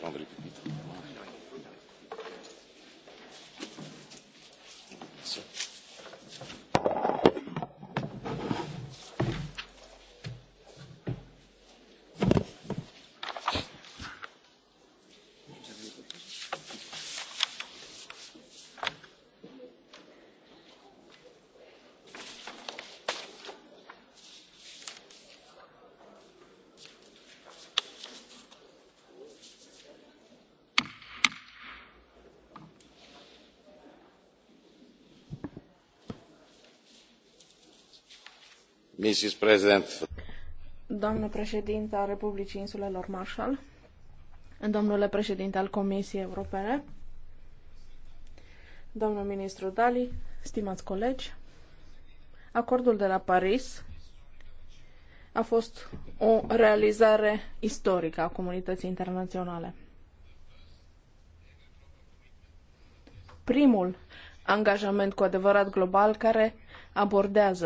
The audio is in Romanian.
prendre les pupitres. Doamnă președintă a Republicii Insulelor Marshall, domnule președinte al Comisiei Europene, domnul ministru dalli stimați colegi, acordul de la Paris a fost o realizare istorică a comunității internaționale. Primul angajament cu adevărat global care abordează